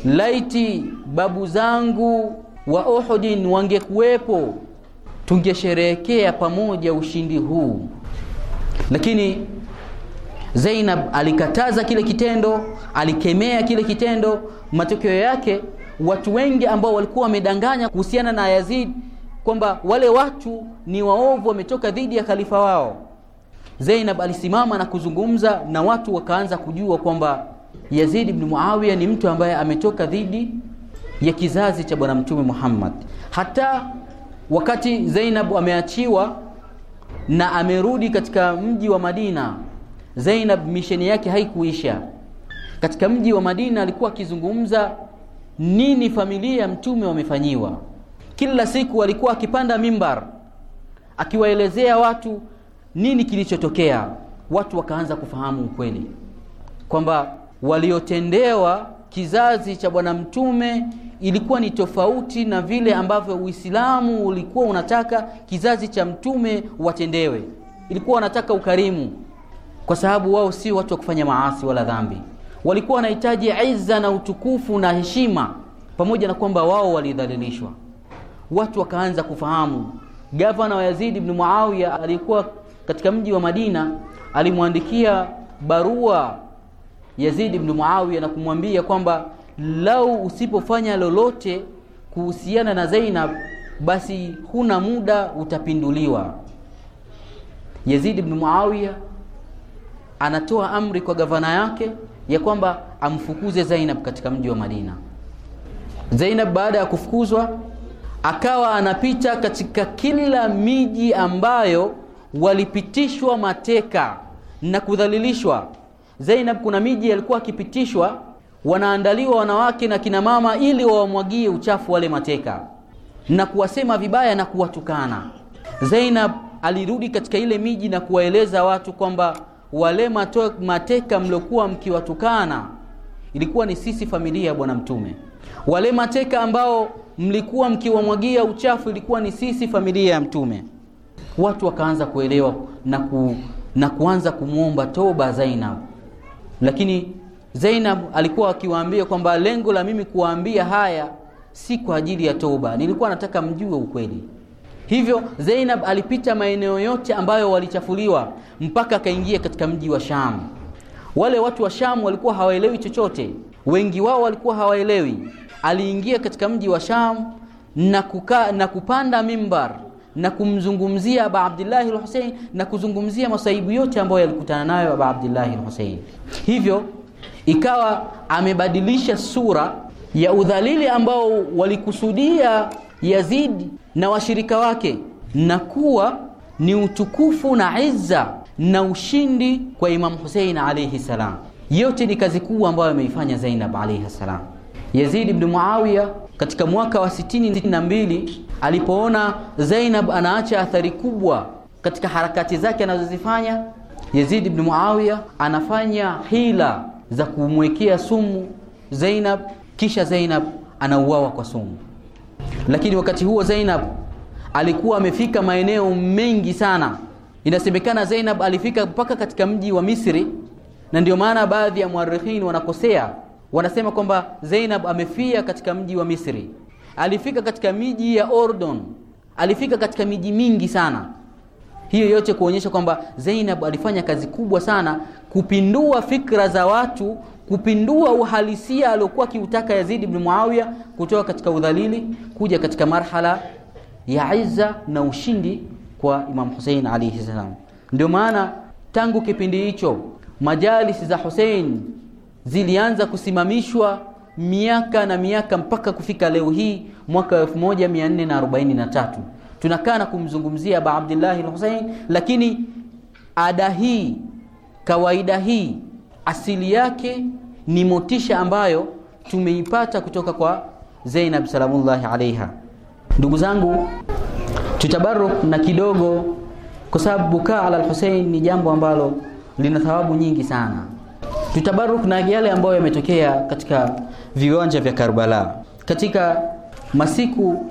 laiti babu zangu wa Uhudin wangekuwepo, tungesherehekea pamoja ushindi huu lakini Zainab alikataza kile kitendo, alikemea kile kitendo. Matokeo yake watu wengi ambao walikuwa wamedanganya kuhusiana na Yazid kwamba wale watu ni waovu, wametoka dhidi ya khalifa wao, Zainab alisimama na kuzungumza na watu, wakaanza kujua kwamba Yazid ibn Muawiya ni mtu ambaye ametoka dhidi ya kizazi cha Bwana Mtume Muhammad. Hata wakati Zainab ameachiwa na amerudi katika mji wa Madina. Zainab misheni yake haikuisha. Katika mji wa Madina alikuwa akizungumza nini familia ya mtume wamefanyiwa. Kila siku alikuwa akipanda mimbar akiwaelezea watu nini kilichotokea. Watu wakaanza kufahamu ukweli kwamba waliotendewa kizazi cha bwana mtume ilikuwa ni tofauti na vile ambavyo Uislamu ulikuwa unataka kizazi cha mtume watendewe. Ilikuwa wanataka ukarimu, kwa sababu wao si watu wa kufanya maasi wala dhambi. Walikuwa wanahitaji iza na utukufu na heshima, pamoja na kwamba wao walidhalilishwa. Watu wakaanza kufahamu. Gavana wa Yazid ibn Muawiya alikuwa katika mji wa Madina, alimwandikia barua Yazid ibn Muawiya na kumwambia kwamba lau usipofanya lolote kuhusiana na Zainab basi huna muda utapinduliwa. Yazid ibn Muawiya anatoa amri kwa gavana yake ya kwamba amfukuze Zainab katika mji wa Madina. Zainab baada ya kufukuzwa akawa anapita katika kila miji ambayo walipitishwa mateka na kudhalilishwa. Zainab kuna miji alikuwa akipitishwa wanaandaliwa wanawake na kina mama ili wawamwagie uchafu wale mateka na kuwasema vibaya na kuwatukana. Zainab alirudi katika ile miji na kuwaeleza watu kwamba wale mateka mliokuwa mkiwatukana ilikuwa ni sisi familia ya Bwana Mtume. Wale mateka ambao mlikuwa mkiwamwagia uchafu ilikuwa ni sisi familia ya Mtume. Watu wakaanza kuelewa na, ku, na kuanza kumwomba toba Zainab, lakini Zainab alikuwa akiwaambia kwamba lengo la mimi kuwaambia haya si kwa ajili ya toba, nilikuwa nataka mjue ukweli. Hivyo Zainab alipita maeneo yote ambayo walichafuliwa mpaka akaingia katika mji wa Sham. Wale watu wa Sham walikuwa hawaelewi chochote, wengi wao walikuwa hawaelewi. Aliingia katika mji wa Sham na kukaa na kupanda mimbar na kumzungumzia Aba Abdillahi al na kuzungumzia masaibu yote ambayo yalikutana nayo Aba Abdillahi al Hivyo ikawa amebadilisha sura ya udhalili ambao walikusudia Yazid na washirika wake na kuwa ni utukufu na izza na ushindi kwa Imam Hussein alayhi salam. Yote ni kazi kubwa ambayo ameifanya Zainab alayhi salam. Yazid ibn Muawiya katika mwaka wa 62 alipoona Zainab anaacha athari kubwa katika harakati zake anazozifanya, Yazid ibn Muawiya anafanya hila za kumwekea sumu Zainab, kisha Zainab anauawa kwa sumu. Lakini wakati huo Zainab alikuwa amefika maeneo mengi sana. Inasemekana Zainab alifika mpaka katika mji wa Misri, na ndio maana baadhi ya muarikhini wanakosea, wanasema kwamba Zainab amefia katika mji wa Misri. Alifika katika miji ya Ordon, alifika katika miji mingi sana hiyo yote kuonyesha kwamba Zainab alifanya kazi kubwa sana kupindua fikra za watu, kupindua uhalisia aliokuwa akiutaka Yazid ibn Muawiya kutoka katika udhalili kuja katika marhala ya izza na ushindi kwa Imam Hussein alayhi salam. Ndio maana tangu kipindi hicho majalisi za Hussein zilianza kusimamishwa miaka na miaka mpaka kufika leo hii mwaka 1443 tunakaa na kumzungumzia Aba Abdillahi Lhusein, lakini ada hii, kawaida hii, asili yake ni motisha ambayo tumeipata kutoka kwa Zainab salamullahi alaiha. Ndugu zangu, tutabaruk na kidogo, kwa sababu bukaa ala Lhusein ni jambo ambalo lina thawabu nyingi sana. Tutabaruk na yale ambayo yametokea katika viwanja vya Karbala katika masiku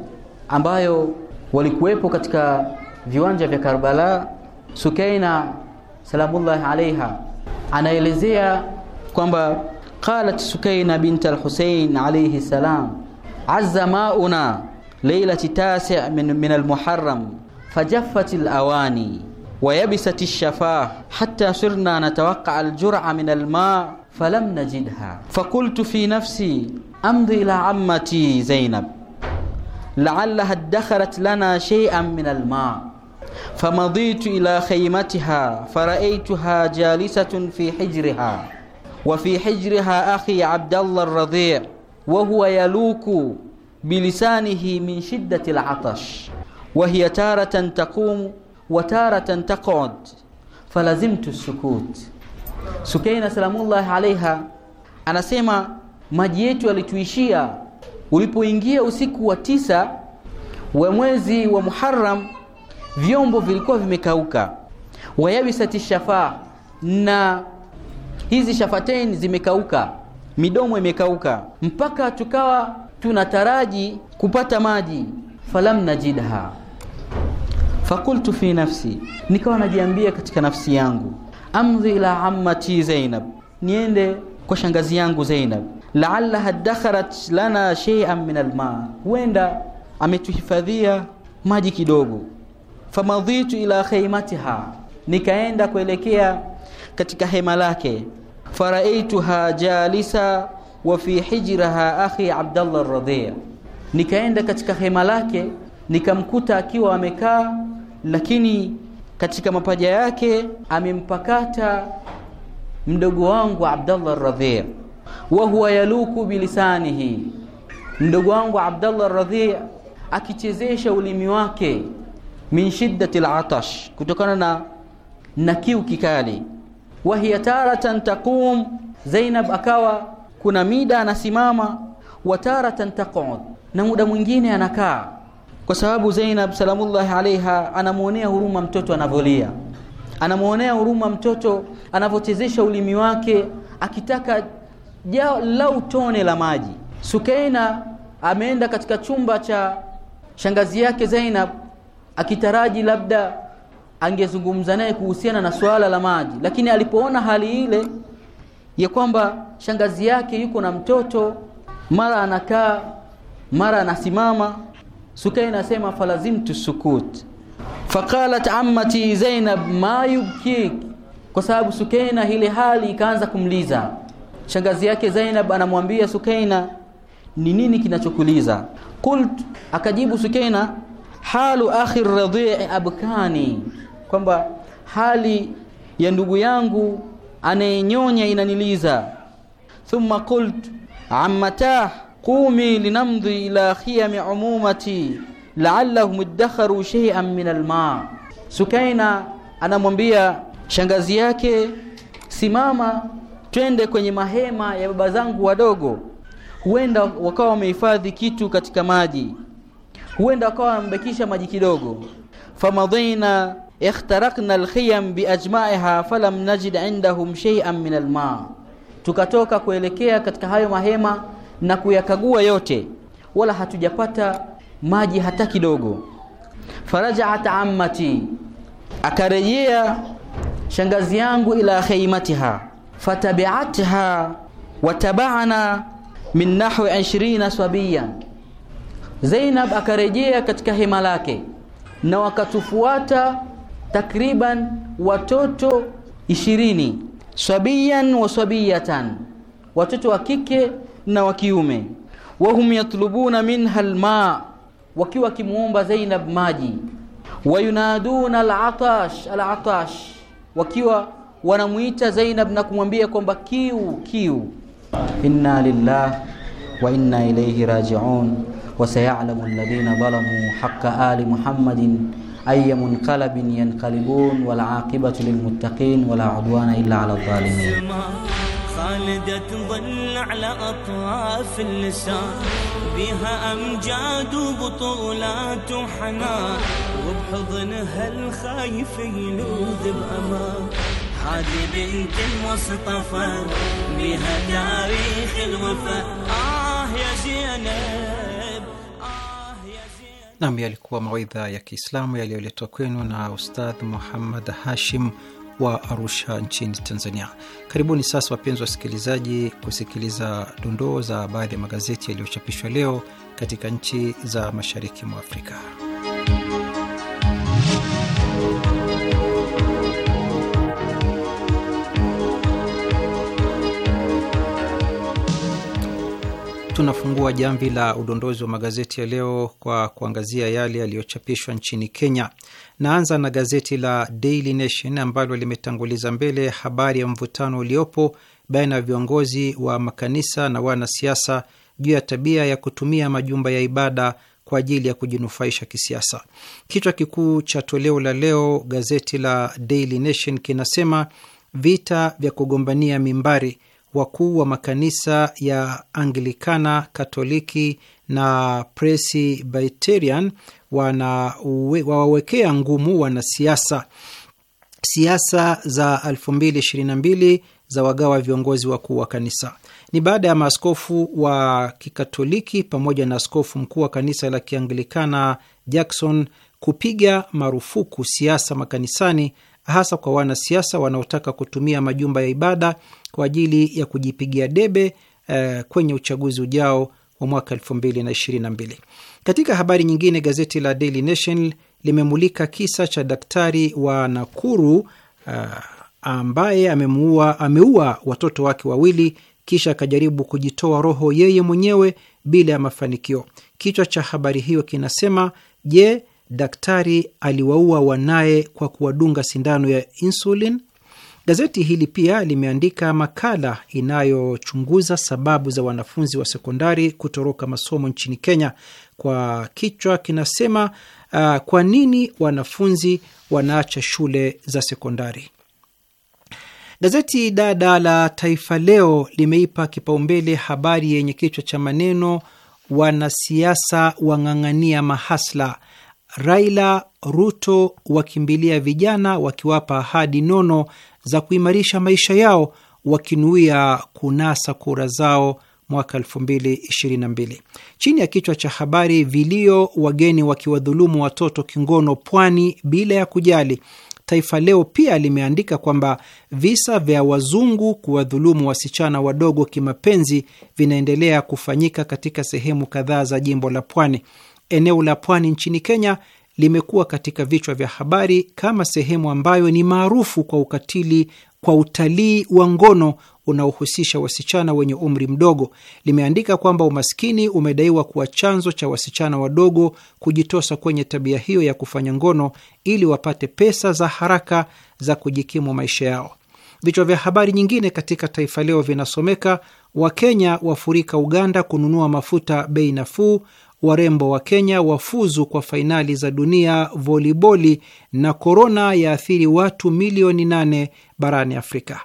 ambayo walikuwepo katika viwanja vya Karbala. Sukaina salamullahi alaiha anaelezea kwamba qalat Sukaina bint al-Husayn alayhi salam azza mauna lailati tasi min, min al-Muharram fajaffat al-awani wayabisat ash-shafah hatta sirna natawaqqa al-jur'a min al-ma falam najidha fakultu fi nafsi amdi ila ammati Zainab لعلها ادخرت لنا شيئا من الماء فمضيت إلى خيمتها فرأيتها جالسة في حجرها وفي حجرها أخي عبد الله الرضيع وهو يلوك بلسانه من شدة العطش وهي تارة تقوم وتارة تقعد فلزمت السكوت سكينة سلام الله عليها أنا سيما yetu yalituishia ulipoingia usiku wa tisa wa mwezi wa Muharram, vyombo vilikuwa vimekauka, wayabisati shafaa, na hizi shafateni zimekauka, midomo imekauka, mpaka tukawa tunataraji kupata maji. Falam najidha fakultu fi nafsi, nikawa najiambia katika nafsi yangu, amdhi ila ammati Zainab, niende kwa shangazi yangu Zainab laalaha dakharat lana shay'an min alma, huenda ametuhifadhia maji kidogo. Famadhitu ila khaymatiha, nikaenda kuelekea katika hema lake. Faraituha jalisa wa fi hijraha akhi Abdallah radhia, nikaenda katika hema lake nikamkuta akiwa amekaa, lakini katika mapaja yake amempakata mdogo wangu Abdallah radhia wa huwa yaluku bilisanihi, mdogo wangu Abdallah Radhi akichezesha ulimi wake, min shiddati latash, kutokana na na kiu kikali. Wa hiya taratan taqum, Zainab akawa kuna mida anasimama, wa taratan taqud, na muda mwingine anakaa, kwa sababu Zainab salamullahi alayha anamuonea huruma mtoto anavolia, anamuonea huruma mtoto anavyochezesha ulimi wake akitaka ja lau tone la maji. Sukaina ameenda katika chumba cha shangazi yake Zainab akitaraji labda angezungumza naye kuhusiana na swala la maji, lakini alipoona hali ile ya kwamba shangazi yake yuko na mtoto, mara anakaa mara anasimama, Sukaina asema falazimtu sukut faqalat ammati Zainab ma yubkik, kwa sababu Sukaina ile hali ikaanza kumliza Shangazi yake Zainab anamwambia Sukaina, ni nini kinachokuliza? Kult, akajibu Sukaina, halu akhir radhi'i abkani, kwamba hali ya ndugu yangu anayenyonya inaniliza. Thumma qult ammatah qumi linamdhi ila khiyami umumati la'allahum iddakharu shay'an min alma. Sukaina anamwambia shangazi yake, simama twende kwenye mahema ya baba zangu wadogo huenda wakawa wamehifadhi kitu katika maji huenda wakawa wamebakisha maji kidogo famadhina ikhtarakna alkhiyam biajmaiha falam najid indahum shay'an min alma tukatoka kuelekea katika hayo mahema na kuyakagua yote wala hatujapata maji hata kidogo farajaat ammati akarejea shangazi yangu ila khaymatiha fatabiatha watabana min nahwi 20 sabiyan, Zainab akarejea katika hema lake na wakatufuata takriban watoto ishirini sabiyan wa sabiyatan, watoto wa kike na wa kiume. Wahum yatlubuna minha alma, wakiwa wakimuomba Zainab maji. Wayunaduna alatash, alatash wakiwa wanamuita Zainab na kumwambia kwamba kiu kiu, inna lillah wa inna ilayhi rajiun wa sayalamu alladhina zalamu haqqa ali muhammadin yanqalibun wal aqibatu lil muttaqin للمتقين ولا عدوان إلا على zalimin. خالدة تظل على أطراف اللسان بها أمجاد وبطولات وحنان وبحضنها الخايف يلوذ بأمان بنت المصطفى بها تاريخ آه يا زينب nam yalikuwa mawaidha ya Kiislamu yaliyoletwa kwenu na Ustadh Muhammad Hashim wa Arusha nchini Tanzania. Karibuni sasa wapenzi wasikilizaji, kusikiliza dondoo za baadhi ya magazeti yaliyochapishwa leo katika nchi za mashariki mwa Afrika. tunafungua jamvi la udondozi wa magazeti ya leo kwa kuangazia yale yaliyochapishwa nchini Kenya. Naanza na gazeti la Daily Nation ambalo limetanguliza mbele habari ya mvutano uliopo baina ya viongozi wa makanisa na wanasiasa juu ya tabia ya kutumia majumba ya ibada kwa ajili ya kujinufaisha kisiasa. Kichwa kikuu cha toleo la leo gazeti la Daily Nation kinasema vita vya kugombania mimbari wakuu wa makanisa ya Anglikana, Katoliki na Presbyterian wawawekea ngumu wanasiasa. Siasa za 2022 za wagawa viongozi wakuu wa kanisa ni baada ya maaskofu wa Kikatoliki pamoja na askofu mkuu wa kanisa la Kianglikana Jackson kupiga marufuku siasa makanisani hasa kwa wanasiasa wanaotaka kutumia majumba ya ibada kwa ajili ya kujipigia debe eh, kwenye uchaguzi ujao wa mwaka 2022. Katika habari nyingine, gazeti la Daily Nation limemulika kisa cha daktari wa Nakuru ah, ambaye amemuua, ameua watoto wake wawili kisha akajaribu kujitoa roho yeye mwenyewe bila ya mafanikio. Kichwa cha habari hiyo kinasema: Je, daktari aliwaua wanaye kwa kuwadunga sindano ya insulin. Gazeti hili pia limeandika makala inayochunguza sababu za wanafunzi wa sekondari kutoroka masomo nchini Kenya kwa kichwa kinasema uh, kwa nini wanafunzi wanaacha shule za sekondari? Gazeti dada la Taifa Leo limeipa kipaumbele habari yenye kichwa cha maneno wanasiasa wang'ang'ania mahasla Raila, Ruto wakimbilia vijana wakiwapa ahadi nono za kuimarisha maisha yao wakinuia kunasa kura zao mwaka 2022. Chini ya kichwa cha habari vilio wageni wakiwadhulumu watoto kingono pwani bila ya kujali, Taifa Leo pia limeandika kwamba visa vya wazungu kuwadhulumu wasichana wadogo kimapenzi vinaendelea kufanyika katika sehemu kadhaa za jimbo la Pwani eneo la pwani nchini Kenya limekuwa katika vichwa vya habari kama sehemu ambayo ni maarufu kwa ukatili kwa utalii wa ngono unaohusisha wasichana wenye umri mdogo. Limeandika kwamba umaskini umedaiwa kuwa chanzo cha wasichana wadogo kujitosa kwenye tabia hiyo ya kufanya ngono ili wapate pesa za haraka za kujikimu maisha yao. Vichwa vya habari nyingine katika Taifa Leo vinasomeka: Wakenya wafurika Uganda kununua mafuta bei nafuu, warembo wa Kenya wafuzu kwa fainali za dunia voliboli, na korona yaathiri watu milioni nane barani Afrika.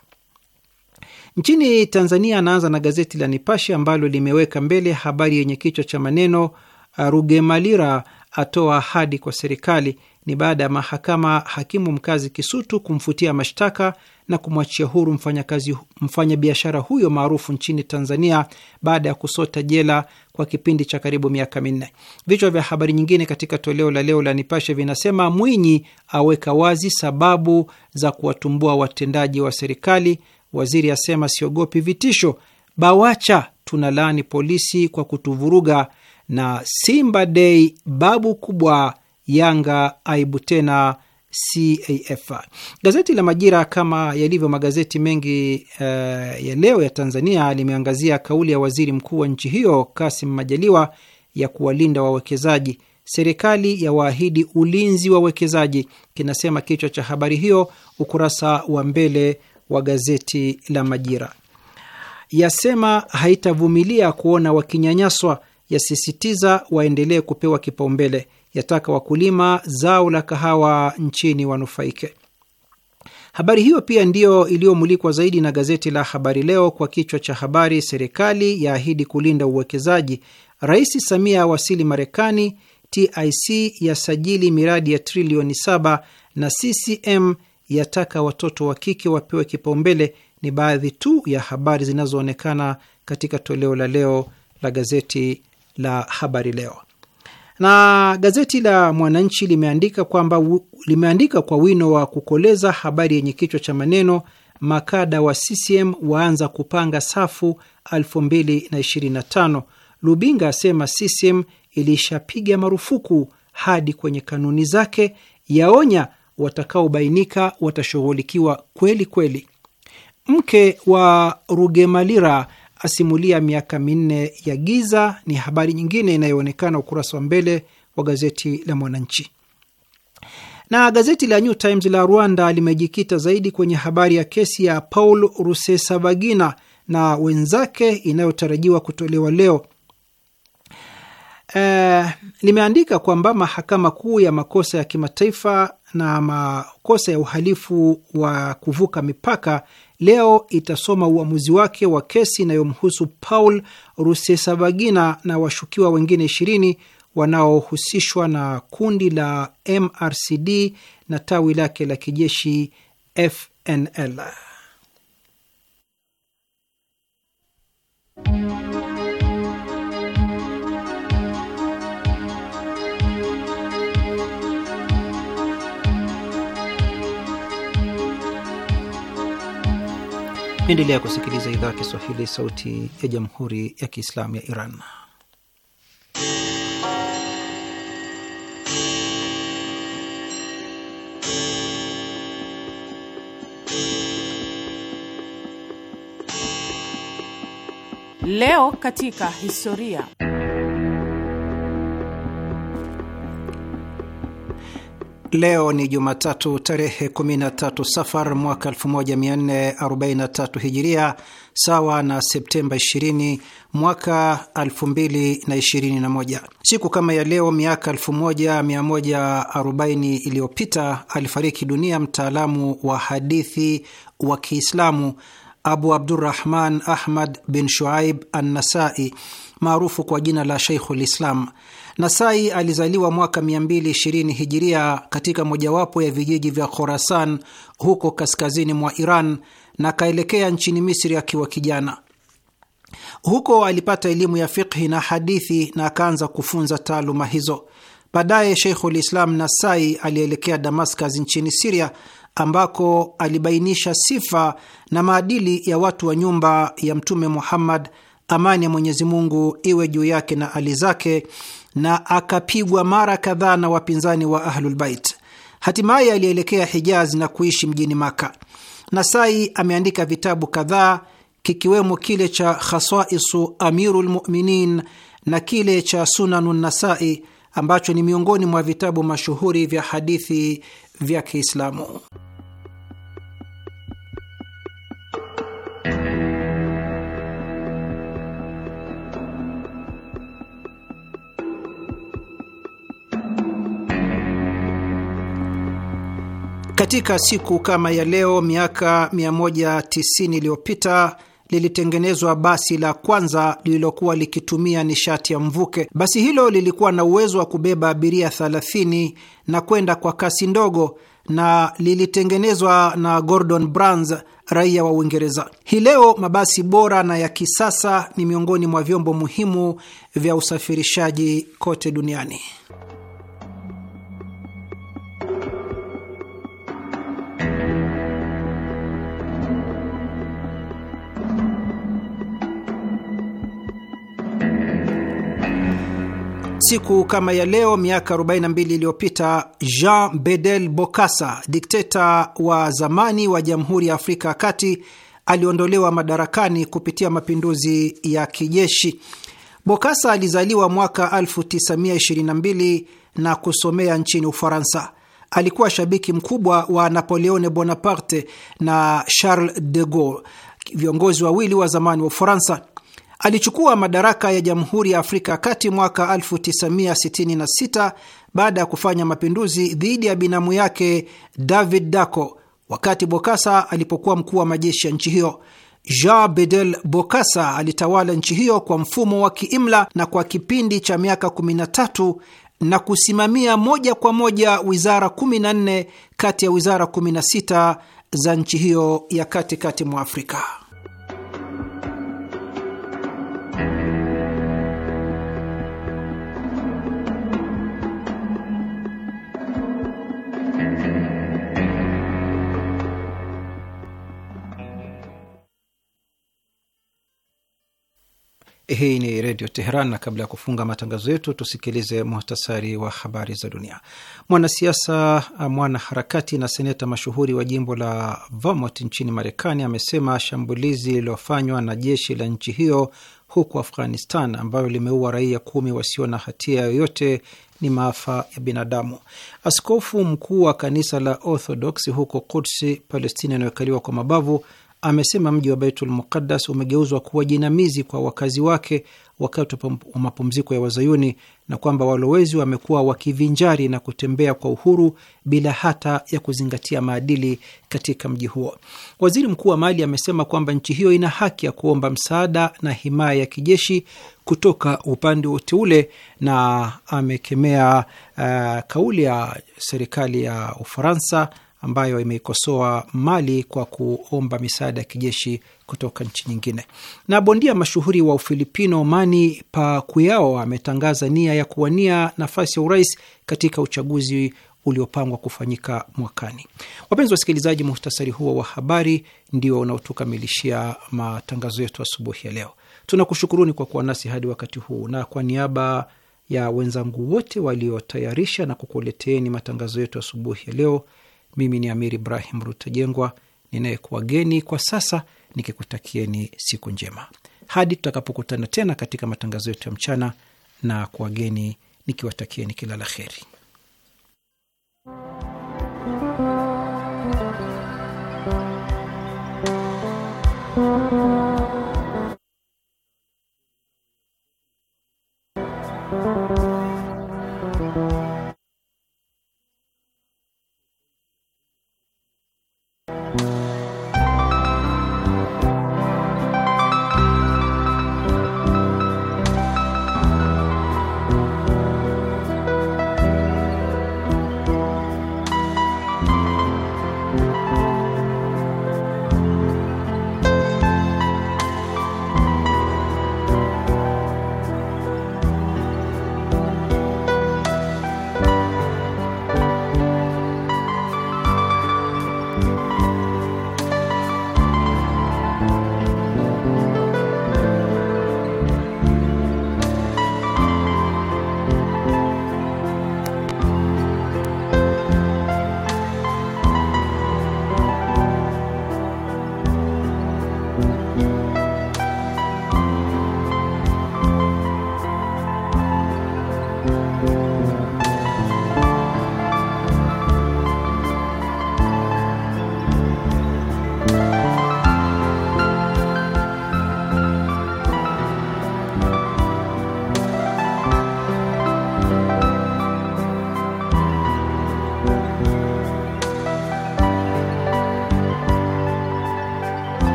Nchini Tanzania, anaanza na gazeti la Nipashe ambalo limeweka mbele habari yenye kichwa cha maneno Rugemalira atoa ahadi kwa serikali. Ni baada ya mahakama hakimu mkazi Kisutu kumfutia mashtaka na kumwachia huru mfanyakazi mfanyabiashara huyo maarufu nchini Tanzania baada ya kusota jela kwa kipindi cha karibu miaka minne. Vichwa vya habari nyingine katika toleo la leo la Nipashe vinasema Mwinyi aweka wazi sababu za kuwatumbua watendaji wa serikali, waziri asema siogopi vitisho, BAWACHA tunalaani polisi kwa kutuvuruga, na Simba Day babu kubwa Yanga aibu tena CAF. Gazeti la Majira, kama yalivyo magazeti mengi uh, ya leo ya Tanzania, limeangazia kauli ya waziri mkuu wa nchi hiyo Kasim Majaliwa ya kuwalinda wawekezaji. Serikali ya waahidi ulinzi wa wawekezaji, kinasema kichwa cha habari hiyo, ukurasa wa mbele wa gazeti la Majira. Yasema haitavumilia kuona wakinyanyaswa, yasisitiza waendelee kupewa kipaumbele yataka wakulima zao la kahawa nchini wanufaike. Habari hiyo pia ndiyo iliyomulikwa zaidi na gazeti la Habari Leo kwa kichwa cha habari, serikali yaahidi kulinda uwekezaji, Rais Samia awasili Marekani, TIC yasajili miradi ya trilioni saba na CCM yataka watoto wa kike wapewe kipaumbele. Ni baadhi tu ya habari zinazoonekana katika toleo la leo la gazeti la Habari Leo. Na gazeti la Mwananchi limeandika kwamba limeandika kwa wino wa kukoleza habari yenye kichwa cha maneno makada wa CCM waanza kupanga safu 2025. Lubinga asema CCM ilishapiga marufuku hadi kwenye kanuni zake, yaonya watakaobainika watashughulikiwa kweli kweli. Mke wa Rugemalira asimulia miaka minne ya giza ni habari nyingine inayoonekana ukurasa wa mbele wa gazeti la Mwananchi. Na gazeti la New Times la Rwanda limejikita zaidi kwenye habari ya kesi ya Paul Rusesabagina na wenzake inayotarajiwa kutolewa leo. Eh, limeandika kwamba mahakama kuu ya makosa ya kimataifa na makosa ya uhalifu wa kuvuka mipaka leo itasoma uamuzi wake wa kesi inayomhusu Paul Rusesabagina na washukiwa wengine ishirini wanaohusishwa na kundi la MRCD na tawi lake la kijeshi FNL. Naendelea kusikiliza idhaa ya Kiswahili, sauti ya jamhuri ya kiislamu ya Iran. Leo katika historia Leo ni Jumatatu tarehe 13 Safar mwaka 1443 Hijiria, sawa na Septemba 20 mwaka 2021. Siku kama ya leo miaka 1140 iliyopita alifariki dunia mtaalamu wa hadithi wa Kiislamu Abu Abdurrahman Ahmad bin Shuaib Annasai maarufu kwa jina la Sheikhul Islam. Nasai alizaliwa mwaka 220 hijiria katika mojawapo ya vijiji vya Khorasan huko kaskazini mwa Iran na akaelekea nchini Misri akiwa kijana. Huko alipata elimu ya fiqhi na hadithi na akaanza kufunza taaluma hizo. Baadaye Sheikhul Islam Nasai alielekea Damascus nchini Siria ambako alibainisha sifa na maadili ya watu wa nyumba ya Mtume Muhammad amani ya Mwenyezi Mungu iwe juu yake na ali zake, na akapigwa mara kadhaa na wapinzani wa Ahlulbait. Hatimaye alielekea Hijaz na kuishi mjini Maka. Nasai ameandika vitabu kadhaa kikiwemo kile cha Khasaisu Amirul Muminin na kile cha Sunanu Nasai ambacho ni miongoni mwa vitabu mashuhuri vya hadithi vya Kiislamu. Katika siku kama ya leo miaka 190 iliyopita lilitengenezwa basi la kwanza lililokuwa likitumia nishati ya mvuke. Basi hilo lilikuwa na uwezo wa kubeba abiria 30 na kwenda kwa kasi ndogo na lilitengenezwa na Gordon Brans, raia wa Uingereza. Hii leo mabasi bora na ya kisasa ni miongoni mwa vyombo muhimu vya usafirishaji kote duniani. siku kama ya leo miaka 42 iliyopita Jean Bedel Bokassa, dikteta wa zamani wa Jamhuri ya Afrika ya Kati, aliondolewa madarakani kupitia mapinduzi ya kijeshi. Bokassa alizaliwa mwaka 1922 na kusomea nchini Ufaransa. Alikuwa shabiki mkubwa wa Napoleone Bonaparte na Charles de Gaulle, viongozi wawili wa zamani wa Ufaransa. Alichukua madaraka ya Jamhuri ya Afrika ya Kati mwaka 1966 baada ya kufanya mapinduzi dhidi ya binamu yake David daco wakati Bokasa alipokuwa mkuu wa majeshi ya nchi hiyo. Jean Bedel Bokasa alitawala nchi hiyo kwa mfumo wa kiimla na kwa kipindi cha miaka 13 na kusimamia moja kwa moja wizara 14 kati ya wizara 16 za nchi hiyo ya katikati mwa Afrika. Hii ni Redio Teheran, na kabla ya kufunga matangazo yetu tusikilize muhtasari wa habari za dunia. Mwanasiasa, uh, mwanaharakati na seneta mashuhuri wa jimbo la Vermont nchini Marekani amesema shambulizi lililofanywa na jeshi la nchi hiyo huku Afghanistan ambayo limeua raia kumi wasio na hatia yoyote ni maafa ya binadamu. Askofu mkuu wa kanisa la Orthodox huko Kudsi, Palestina inayokaliwa kwa mabavu amesema mji wa Baitul Muqaddas umegeuzwa kuwa jinamizi kwa wakazi wake wakati wa mapumziko ya Wazayuni na kwamba walowezi wamekuwa wakivinjari na kutembea kwa uhuru bila hata ya kuzingatia maadili katika mji huo. Waziri Mkuu wa Mali amesema kwamba nchi hiyo ina haki ya kuomba msaada na himaya ya kijeshi kutoka upande wote ule, na amekemea uh, kauli ya serikali ya Ufaransa ambayo imeikosoa Mali kwa kuomba misaada ya kijeshi kutoka nchi nyingine. Na bondia mashuhuri wa Ufilipino Manny Pacquiao ametangaza nia ya kuwania nafasi ya urais katika uchaguzi uliopangwa kufanyika mwakani. Wapenzi wa wasikilizaji, muhtasari huo wa habari ndio unaotukamilishia matangazo yetu asubuhi ya leo. Tunakushukuruni kwa kuwa nasi hadi wakati huu, na kwa niaba ya wenzangu wote waliotayarisha na kukuleteeni matangazo yetu asubuhi ya leo mimi ni Amir Ibrahim Rutajengwa ninayekuwageni kwa sasa, nikikutakieni siku njema hadi tutakapokutana tena katika matangazo yetu ya mchana, na kuwageni nikiwatakieni kila la heri.